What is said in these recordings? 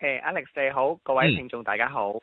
誒、hey，Alex 你好，各位聽眾，嗯、大家好。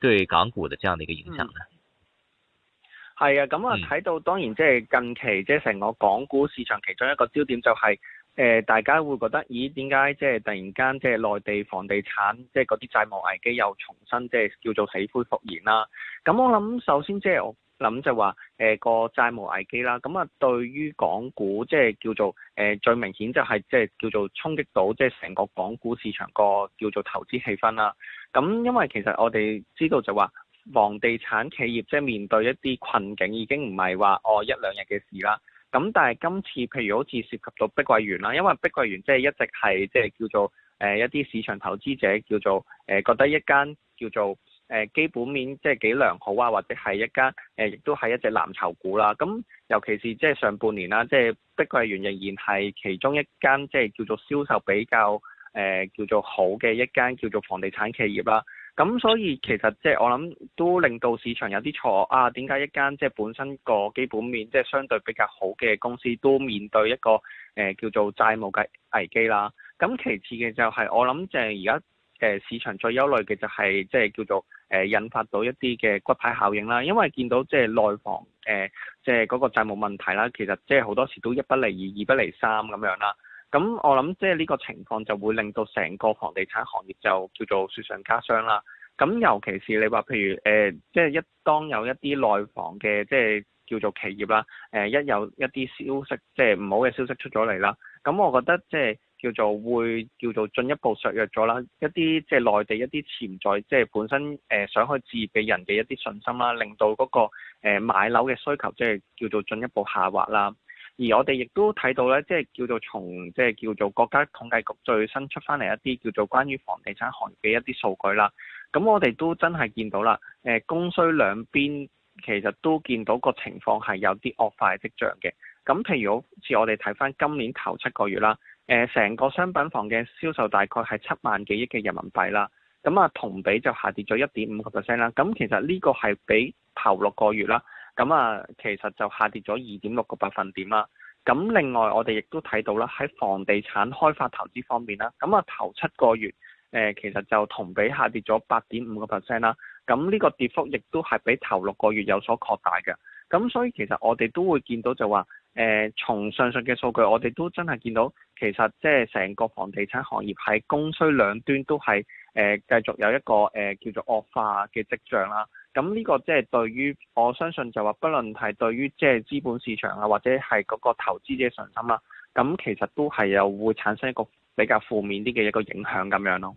對港股的這樣的一個影響呢，係啊、嗯，咁啊睇到當然即係近期即係成個港股市場其中一個焦點就係、是，誒、呃、大家會覺得，咦點解即係突然間即係內地房地產即係嗰啲債務危機又重新即係叫做死灰復燃啦。咁我諗首先即係我。嗯咁就話誒、欸、個債務危機啦，咁啊對於港股即係叫做誒、欸、最明顯就係即係叫做衝擊到即係成個港股市場個叫做投資氣氛啦。咁因為其實我哋知道就話，房地產企業即係面對一啲困境已經唔係話哦一兩日嘅事啦。咁但係今次譬如好似涉及到碧桂園啦，因為碧桂園即係一直係即係叫做誒、呃、一啲市場投資者叫做誒、呃、覺得一間叫做。誒基本面即係幾良好啊，或者係一間誒亦都係一隻藍籌股啦。咁尤其是即係上半年啦，即係碧桂園仍然係其中一間即係叫做銷售比較誒、呃、叫做好嘅一間叫做房地產企業啦。咁所以其實即係我諗都令到市場有啲錯啊？點解一間即係本身個基本面即係相對比較好嘅公司都面對一個誒、呃、叫做債務嘅危機啦？咁其次嘅就係、是、我諗就係而家。誒市場最憂慮嘅就係即係叫做誒引發到一啲嘅骨牌效應啦，因為見到即係內房誒，即係嗰個債務問題啦，其實即係好多時都一不離二，二不離三咁樣啦。咁我諗即係呢個情況就會令到成個房地產行業就叫做雪上加霜啦。咁尤其是你話譬如誒，即係一當有一啲內房嘅即係叫做企業啦，誒一有一啲消息即係唔好嘅消息出咗嚟啦，咁我覺得即係。叫做會叫做進一步削弱咗啦，一啲即係內地一啲潛在即係本身誒、呃、想去置業嘅人嘅一啲信心啦，令到嗰、那個誒、呃、買樓嘅需求即係叫做進一步下滑啦。而我哋亦都睇到咧，即係叫做從即係叫做國家統計局最新出翻嚟一啲叫做關於房地產行業嘅一啲數據啦。咁我哋都真係見到啦，誒、呃、供需兩邊其實都見到個情況係有啲惡化嘅跡象嘅。咁譬如好似我哋睇翻今年頭七個月啦。誒成個商品房嘅銷售大概係七萬幾億嘅人民幣啦，咁啊同比就下跌咗一點五個 percent 啦，咁其實呢個係比頭六個月啦，咁啊其實就下跌咗二點六個百分點啦。咁另外我哋亦都睇到啦，喺房地產開發投資方面啦，咁啊頭七個月誒其實就同比下跌咗八點五個 percent 啦，咁呢個跌幅亦都係比頭六個月有所擴大嘅。咁所以其實我哋都會見到就話。誒，從、呃、上述嘅數據，我哋都真係見到，其實即係成個房地產行業喺供需兩端都係誒繼續有一個誒、呃、叫做惡化嘅跡象啦。咁、嗯、呢、這個即係對於我相信就話，不論係對於即係資本市場啊，或者係嗰個投資者信心啦、啊，咁、嗯、其實都係又會產生一個比較負面啲嘅一個影響咁樣咯。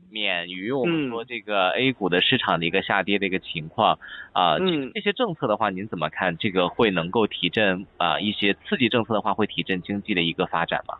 免於我們說這個 A 股的市場的一個下跌的一個情況，嗯、啊，這這些政策的話，您怎麼看？這個會能夠提振啊一些刺激政策的話，會提振經濟的一個發展嗎？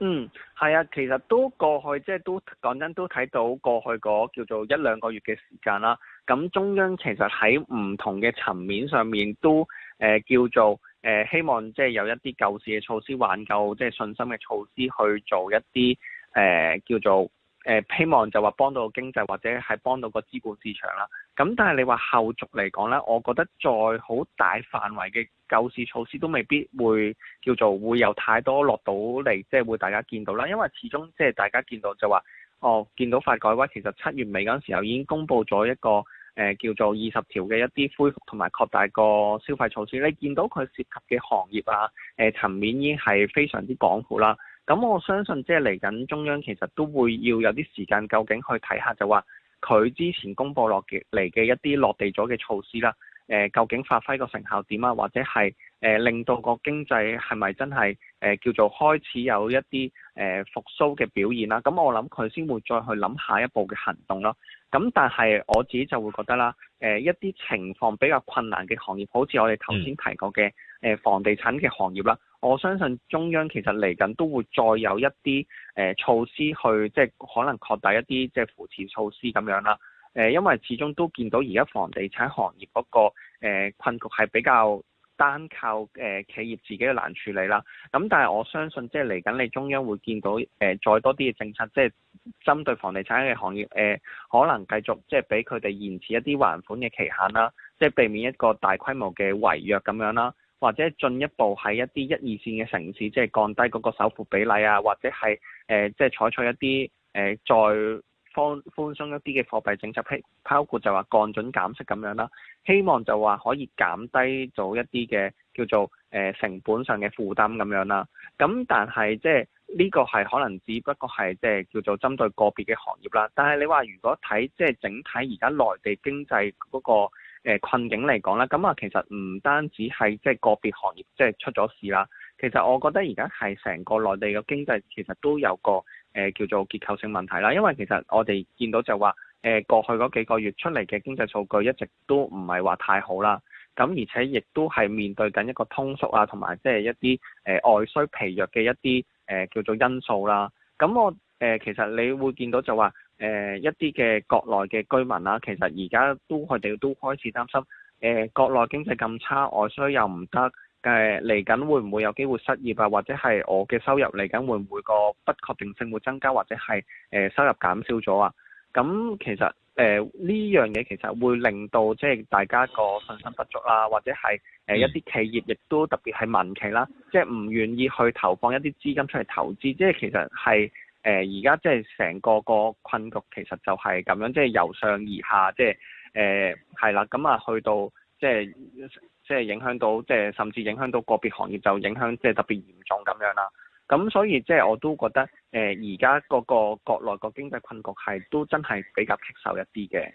嗯，係啊，其實都過去，即係都講真，都睇到過去嗰叫做一兩個月嘅時間啦。咁中央其實喺唔同嘅層面上面都誒、呃、叫做誒、呃、希望即係有一啲救市嘅措施，挽救即係信心嘅措施去做一啲誒、呃、叫做、叫做叫做叫叫做，誒希望就話幫到個經濟，或者係幫到個資股市場啦。咁但係你話後續嚟講呢，我覺得再好大範圍嘅救市措施都未必會叫做會有太多落到嚟，即係會大家見到啦。因為始終即係大家見到就話，哦見到發改委其實七月尾嗰陣時候已經公布咗一個誒叫做二十條嘅一啲恢復同埋擴大個消費措施。你見到佢涉及嘅行業啊，誒層面已經係非常之廣闊啦。咁我相信即係嚟緊中央其實都會要有啲時間，究竟去睇下就話佢之前公布落嚟嘅一啲落地咗嘅措施啦。誒，究竟發揮個成效點啊，或者係誒、呃、令到個經濟係咪真係誒、呃、叫做開始有一啲誒、呃、復甦嘅表現啦？咁、嗯、我諗佢先會再去諗下一步嘅行動咯。咁但係我自己就會覺得啦，誒、呃、一啲情況比較困難嘅行業，好似我哋頭先提過嘅誒、嗯、房地產嘅行業啦，我相信中央其實嚟緊都會再有一啲誒、呃、措施去，即係可能擴大一啲即係扶持措施咁樣啦。誒，因為始終都見到而家房地產行業嗰個誒困局係比較單靠誒企業自己嘅難處理啦。咁但係我相信，即係嚟緊你中央會見到誒再多啲嘅政策，即係針對房地產嘅行業誒，可能繼續即係俾佢哋延遲一啲還款嘅期限啦，即係避免一個大規模嘅違約咁樣啦，或者進一步喺一啲一二線嘅城市，即係降低嗰個首付比例啊，或者係誒即係採取一啲誒再。放寬鬆一啲嘅貨幣政策，批包括就話降準減息咁樣啦，希望就話可以減低到一啲嘅叫做誒成本上嘅負擔咁樣啦。咁但係即係呢個係可能只不過係即係叫做針對個別嘅行業啦。但係你話如果睇即係整體而家內地經濟嗰個誒困境嚟講啦，咁啊其實唔單止係即係個別行業即係、就是、出咗事啦。其實我覺得而家係成個內地嘅經濟其實都有個。誒叫做結構性問題啦，因為其實我哋見到就話，誒、呃、過去嗰幾個月出嚟嘅經濟數據一直都唔係話太好啦，咁而且亦都係面對緊一個通縮啊，同埋即係一啲誒、呃、外需疲弱嘅一啲誒、呃、叫做因素啦。咁我誒、呃、其實你會見到就話，誒、呃、一啲嘅國內嘅居民啦，其實而家都佢哋都開始擔心，誒、呃、國內經濟咁差，外需又唔得。誒嚟緊會唔會有機會失業啊？或者係我嘅收入嚟緊會唔會個不確定性會增加，或者係誒收入減少咗啊？咁其實誒呢樣嘢其實會令到即係大家個信心不足啦，或者係誒一啲企業亦都特別係民企啦，即係唔願意去投放一啲資金出嚟投資。即係其實係誒而家即係成個個困局其實就係咁樣，即係由上而下，即係誒係啦，咁啊去到即係。就是即係影響到，即係甚至影響到個別行業就影響，即係特別嚴重咁樣啦。咁所以即係我都覺得，誒而家嗰個國內個經濟困局係都真係比較棘手一啲嘅。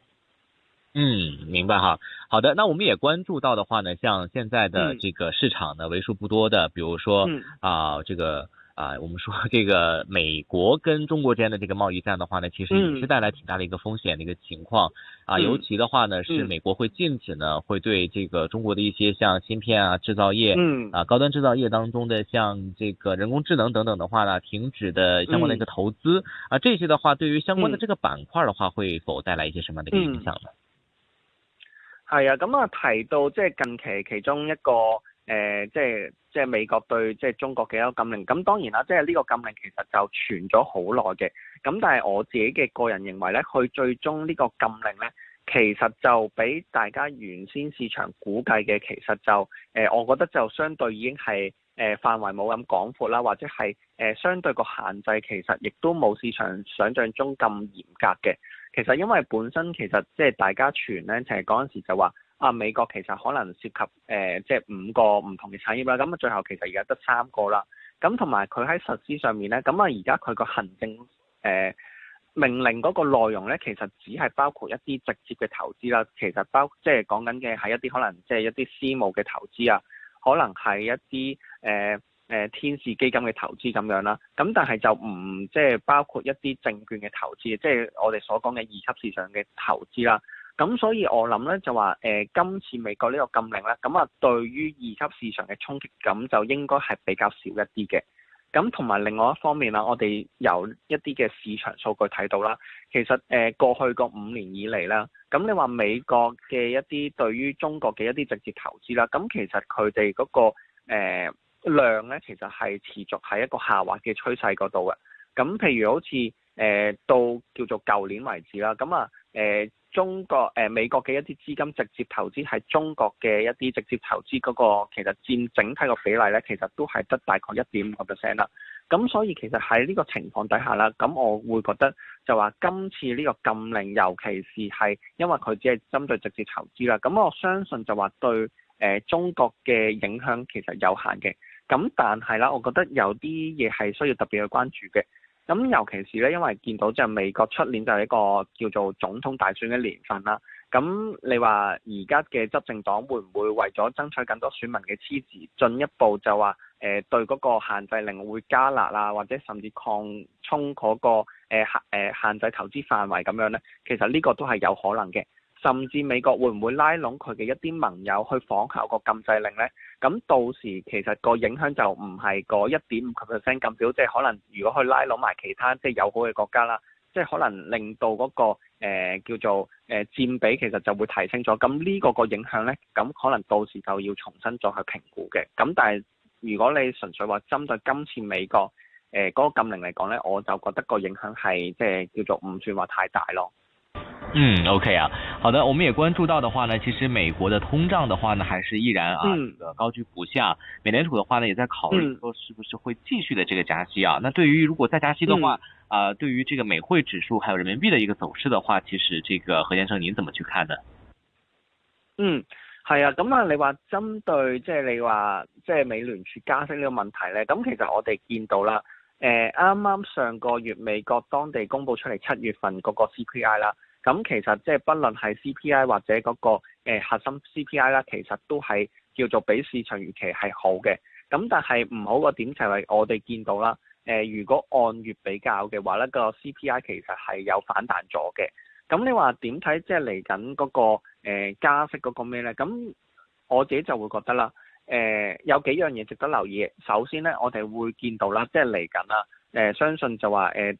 嗯，明白哈。好的，那我們也關注到的話呢，像現在的這個市場呢，為數不多的，比如說啊、嗯呃，這個。啊，我們說這個美國跟中國之間的這個貿易戰的話呢，其實也是帶來挺大的一個風險的一個情況，嗯、啊，尤其的話呢，是美國會禁止呢，會對這個中國的一些像芯片啊、製造業，嗯，啊，高端製造業當中的像這個人工智能等等的話呢，停止的相關的一個投資，嗯、啊，這些的話，對於相關的這個板塊的話，會否帶來一些什麼樣的一個影響呢？係啊、嗯，咁啊，提到即係近期其中一個。嗯嗯嗯嗯嗯誒、呃，即係即係美國對即係中國嘅一個禁令，咁當然啦，即係呢個禁令其實就傳咗好耐嘅，咁但係我自己嘅個人認為呢，佢最終呢個禁令呢，其實就比大家原先市場估計嘅，其實就誒、呃，我覺得就相對已經係誒、呃、範圍冇咁廣闊啦，或者係誒、呃、相對個限制其實亦都冇市場想像中咁嚴格嘅。其實因為本身其實即係大家傳呢，成日嗰陣時就話。啊，美國其實可能涉及誒、呃，即係五個唔同嘅產業啦。咁、嗯、啊，最後其實而家得三個啦。咁同埋佢喺實施上面咧，咁、嗯、啊，而家佢個行政誒、呃、命令嗰個內容咧，其實只係包括一啲直接嘅投資啦。其實包即係講緊嘅係一啲可能即係一啲私募嘅投資啊，可能係一啲誒誒天使基金嘅投資咁樣啦。咁、嗯、但係就唔即係包括一啲證券嘅投資，即係我哋所講嘅二級市場嘅投資啦。咁所以，我諗咧就話誒，今次美國呢個禁令咧，咁、嗯、啊，對於二級市場嘅衝擊，咁就應該係比較少一啲嘅。咁同埋另外一方面啦，我哋由一啲嘅市場數據睇到啦，其實誒、嗯、過去個五年以嚟啦，咁、嗯、你話美國嘅一啲對於中國嘅一啲直接投資啦，咁其實佢哋嗰個量咧，其實係、那個呃、持續喺一個下滑嘅趨勢嗰度嘅。咁、嗯、譬如好似誒到叫做舊年為止啦，咁啊誒。呃中國誒、呃、美國嘅一啲資金直接投資喺中國嘅一啲直接投資嗰個，其實佔整體個比例咧，其實都係得大概一點五個 percent 啦。咁所以其實喺呢個情況底下啦，咁我會覺得就話今次呢個禁令，尤其是係因為佢只係針對直接投資啦，咁我相信就話對誒、呃、中國嘅影響其實有限嘅。咁但係啦，我覺得有啲嘢係需要特別去關注嘅。咁尤其是咧，因為見到就係美國出年就係一個叫做總統大選嘅年份啦。咁你話而家嘅執政黨會唔會為咗爭取更多選民嘅支持，進一步就話誒、呃、對嗰個限制令會加辣啊，或者甚至擴充嗰、嗰個限誒、呃、限制投資範圍咁樣咧？其實呢個都係有可能嘅。甚至美國會唔會拉攏佢嘅一啲盟友去仿效個禁制令呢？咁到時其實個影響就唔係嗰一點五個 percent 咁少。即係、就是、可能如果去拉攏埋其他即係友好嘅國家啦，即、就、係、是、可能令到嗰、那個、呃、叫做誒、呃、佔比其實就會提升咗。咁呢個個影響呢，咁可能到時就要重新再去評估嘅。咁但係如果你純粹話針對今次美國誒嗰、呃那個禁令嚟講呢，我就覺得個影響係即係叫做唔算話太大咯。嗯，OK 啊，好的，我們也關注到的話呢，其實美國的通脹的話呢，還是依然啊，這個、嗯、高居不下。美聯儲的話呢，也在考慮說是不是會繼續的這個加息啊。嗯、那對於如果再加息的話，啊、嗯呃，對於這個美匯指數還有人民幣的一個走勢的話，其實這個何先生您怎麼去看呢？嗯，係啊，咁啊，你話針對即係你話即係美聯儲加息呢個問題呢，咁其實我哋見到啦，誒、呃，啱啱上個月美國當地公布出嚟七月份嗰個 CPI 啦。咁其實即係不論係 CPI 或者嗰、嗰個、呃、核心 CPI 啦，其實都係叫做比市場預期係好嘅。咁但係唔好個點就係我哋見到啦。誒、呃，如果按月比較嘅話咧，嗰個 CPI 其實係有反彈咗嘅。咁你話點睇即係嚟緊嗰個、呃、加息嗰個咩咧？咁我自己就會覺得啦。誒、呃，有幾樣嘢值得留意。首先咧，我哋會見到啦，即係嚟緊啦。誒、呃，相信就話誒、呃，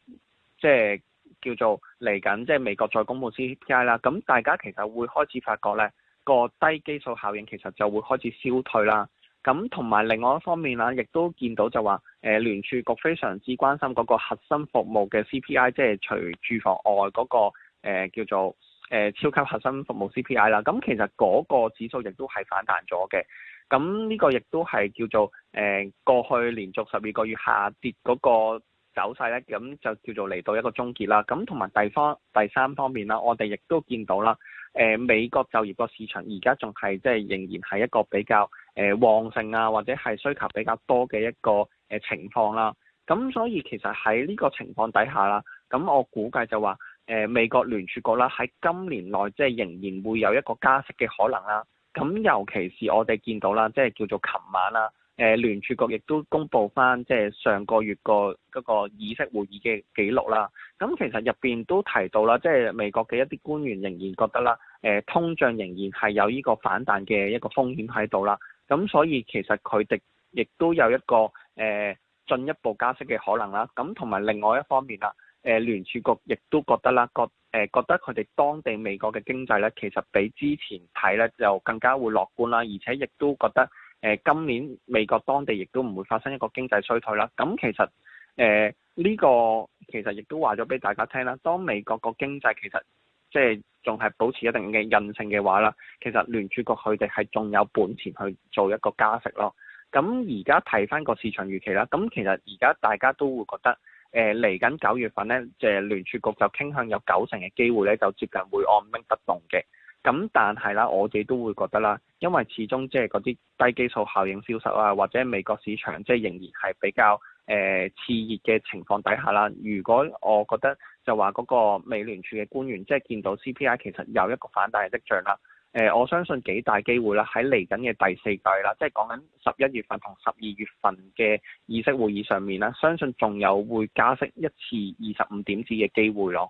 即係。叫做嚟緊，即係美國再公布 CPI 啦、啊。咁大家其實會開始發覺呢個低基數效應其實就會開始消退啦。咁同埋另外一方面啦、啊，亦都見到就話，誒聯儲局非常之關心嗰個核心服務嘅 CPI，即係除住房外嗰、那個、呃、叫做誒、呃、超級核心服務 CPI 啦、啊。咁其實嗰個指數亦都係反彈咗嘅。咁、啊、呢、這個亦都係叫做誒、呃、過去連續十二個月下跌嗰、那個。走勢咧，咁就叫做嚟到一個終結啦。咁同埋第方第三方面啦，我哋亦都見到啦。誒、呃、美國就業個市場而家仲係即係仍然係一個比較誒、呃、旺盛啊，或者係需求比較多嘅一個誒情況啦。咁所以其實喺呢個情況底下啦，咁我估計就話誒、呃、美國聯儲局啦喺今年內即係仍然會有一個加息嘅可能啦。咁尤其是我哋見到啦，即係叫做琴晚啦。誒聯儲局亦都公布翻，即係上個月個嗰個議息會議嘅記錄啦。咁其實入邊都提到啦，即係美國嘅一啲官員仍然覺得啦，誒通脹仍然係有呢個反彈嘅一個風險喺度啦。咁所以其實佢哋亦都有一個誒進一步加息嘅可能啦。咁同埋另外一方面啦，誒聯儲局亦都覺得啦，覺誒覺得佢哋當地美國嘅經濟咧，其實比之前睇咧就更加會樂觀啦，而且亦都覺得。誒今年美國當地亦都唔會發生一個經濟衰退啦，咁其實誒呢、呃這個其實亦都話咗俾大家聽啦，當美國個經濟其實即係仲係保持一定嘅韌性嘅話啦，其實聯儲局佢哋係仲有本錢去做一個加息咯。咁而家提翻個市場預期啦，咁其實而家大家都會覺得誒嚟緊九月份咧，誒聯儲局就傾向有九成嘅機會呢，就接近會按兵不動嘅。咁但係啦，我哋都會覺得啦，因為始終即係嗰啲低基數效應消失啊，或者美國市場即係仍然係比較誒、呃、熾熱嘅情況底下啦。如果我覺得就話嗰個美聯儲嘅官員即係見到 CPI 其實有一個反彈嘅跡象啦，誒、呃、我相信幾大機會啦，喺嚟緊嘅第四季啦，即係講緊十一月份同十二月份嘅議息會議上面啦，相信仲有會加息一次二十五點子嘅機會咯。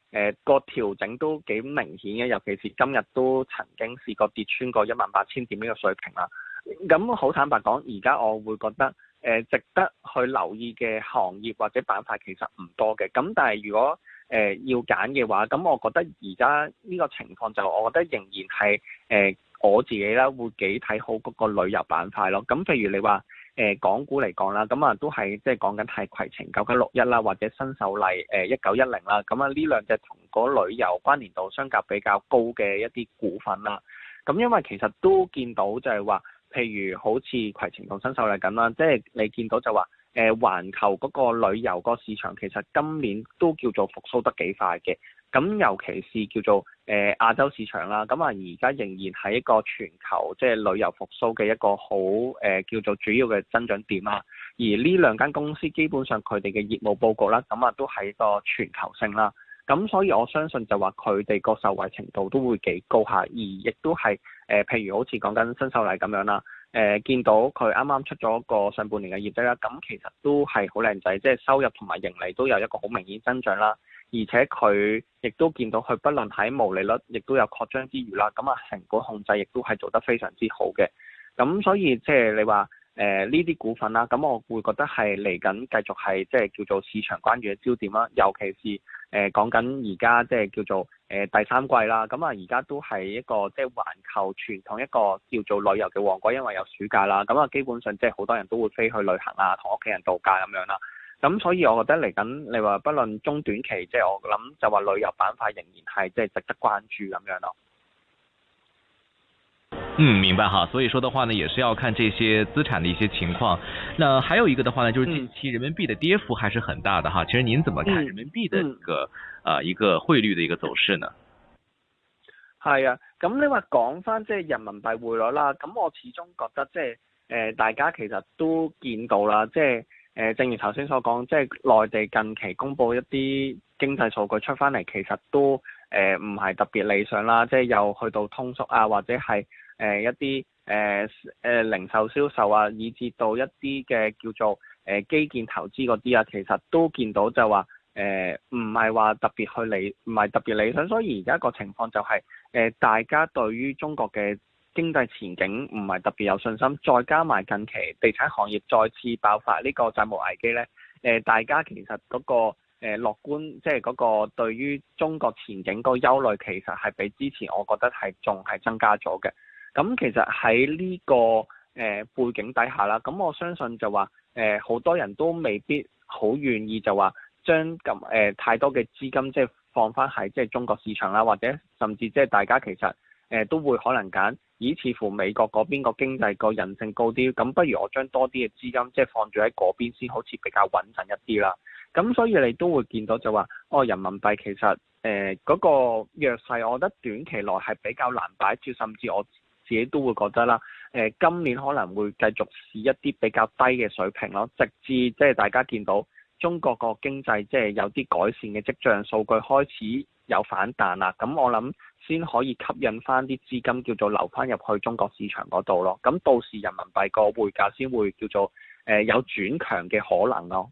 誒個、呃、調整都幾明顯嘅，尤其是今日都曾經試過跌穿過一萬八千點呢個水平啦。咁、嗯、好、嗯、坦白講，而家我會覺得誒、呃、值得去留意嘅行業或者板塊其實唔多嘅。咁、嗯、但係如果誒、呃、要揀嘅話，咁、嗯、我覺得而家呢個情況就我覺得仍然係誒、呃、我自己啦，會幾睇好嗰個旅遊板塊咯。咁、嗯、譬如你話。誒港股嚟講啦，咁啊都係即係講緊係攜程、九九六一啦，或者新秀麗、誒一九一零啦，咁啊呢兩隻同嗰旅遊關聯度相較比較高嘅一啲股份啦。咁因為其實都見到就係話，譬如好似攜程同新秀麗咁啦，即係你見到就話，誒環球嗰個旅遊個市場其實今年都叫做復甦得幾快嘅。咁尤其是叫做誒亞洲市場啦，咁啊而家仍然係一個全球即係旅遊復甦嘅一個好誒、呃、叫做主要嘅增長點啦。而呢兩間公司基本上佢哋嘅業務佈局啦，咁啊都係一個全球性啦。咁所以我相信就話，佢哋個受惠程度都會幾高下，而亦都係誒譬如好似講緊新秀麗咁樣啦。誒、呃、見到佢啱啱出咗個上半年嘅業績啦，咁其實都係好靚仔，即係收入同埋盈利都有一個好明顯增長啦，而且佢亦都見到佢不論喺毛利率亦都有擴張之餘啦，咁啊成本控制亦都係做得非常之好嘅，咁所以即係你話誒呢啲股份啦，咁我會覺得係嚟緊繼續係即係叫做市場關注嘅焦點啦，尤其是，誒講緊而家即係叫做誒第三季啦，咁啊而家都係一個即係環球傳統一個叫做旅遊嘅旺季，因為有暑假啦，咁啊基本上即係好多人都會飛去旅行啊，同屋企人度假咁樣啦，咁所以我覺得嚟緊你話不論中短期，即係我諗就話旅遊板塊仍然係即係值得關注咁樣咯。嗯，明白哈，所以說的話呢，也是要看這些資產的一些情況。那還有一個的話呢，就是近期人民幣的跌幅還是很大的哈。嗯、其實您怎麼看人民幣的一個、這個啊、嗯嗯呃、一個匯率的一個走勢呢？係啊，咁你話講翻即係人民幣匯率啦，咁我始終覺得即係誒，大家其實都見到啦，即係誒，正如頭先所講，即係內地近期公布一啲經濟數據出翻嚟，其實都誒唔係特別理想啦，即係又去到通縮啊，或者係。誒、呃、一啲誒誒零售銷售啊，以至到一啲嘅叫做誒、呃、基建投資嗰啲啊，其實都見到就話誒唔係話特別去理，唔係特別理想。所以而家個情況就係、是、誒、呃、大家對於中國嘅經濟前景唔係特別有信心，再加埋近期地產行業再次爆發呢個債務危機呢，誒、呃、大家其實嗰個誒樂觀，即係嗰個對於中國前景嗰個憂慮，其實係比之前我覺得係仲係增加咗嘅。咁其實喺呢、這個誒、呃、背景底下啦，咁、嗯、我相信就話誒好多人都未必好願意就話將咁誒太多嘅資金即係放翻喺即係中國市場啦，或者甚至即係大家其實誒、呃、都會可能揀，以似乎美國嗰邊個經濟個韌性高啲，咁、嗯、不如我將多啲嘅資金即係放住喺嗰邊先，好似比較穩陣一啲啦。咁、嗯、所以你都會見到就話，哦，人民幣其實誒嗰、呃那個弱勢，我覺得短期內係比較難擺脫，甚至我。自己都會覺得啦，誒、呃、今年可能會繼續試一啲比較低嘅水平咯，直至即係大家見到中國個經濟即係有啲改善嘅跡象，數據開始有反彈啦，咁我諗先可以吸引翻啲資金叫做流翻入去中國市場嗰度咯，咁到時人民幣個匯價先會叫做誒、呃、有轉強嘅可能咯。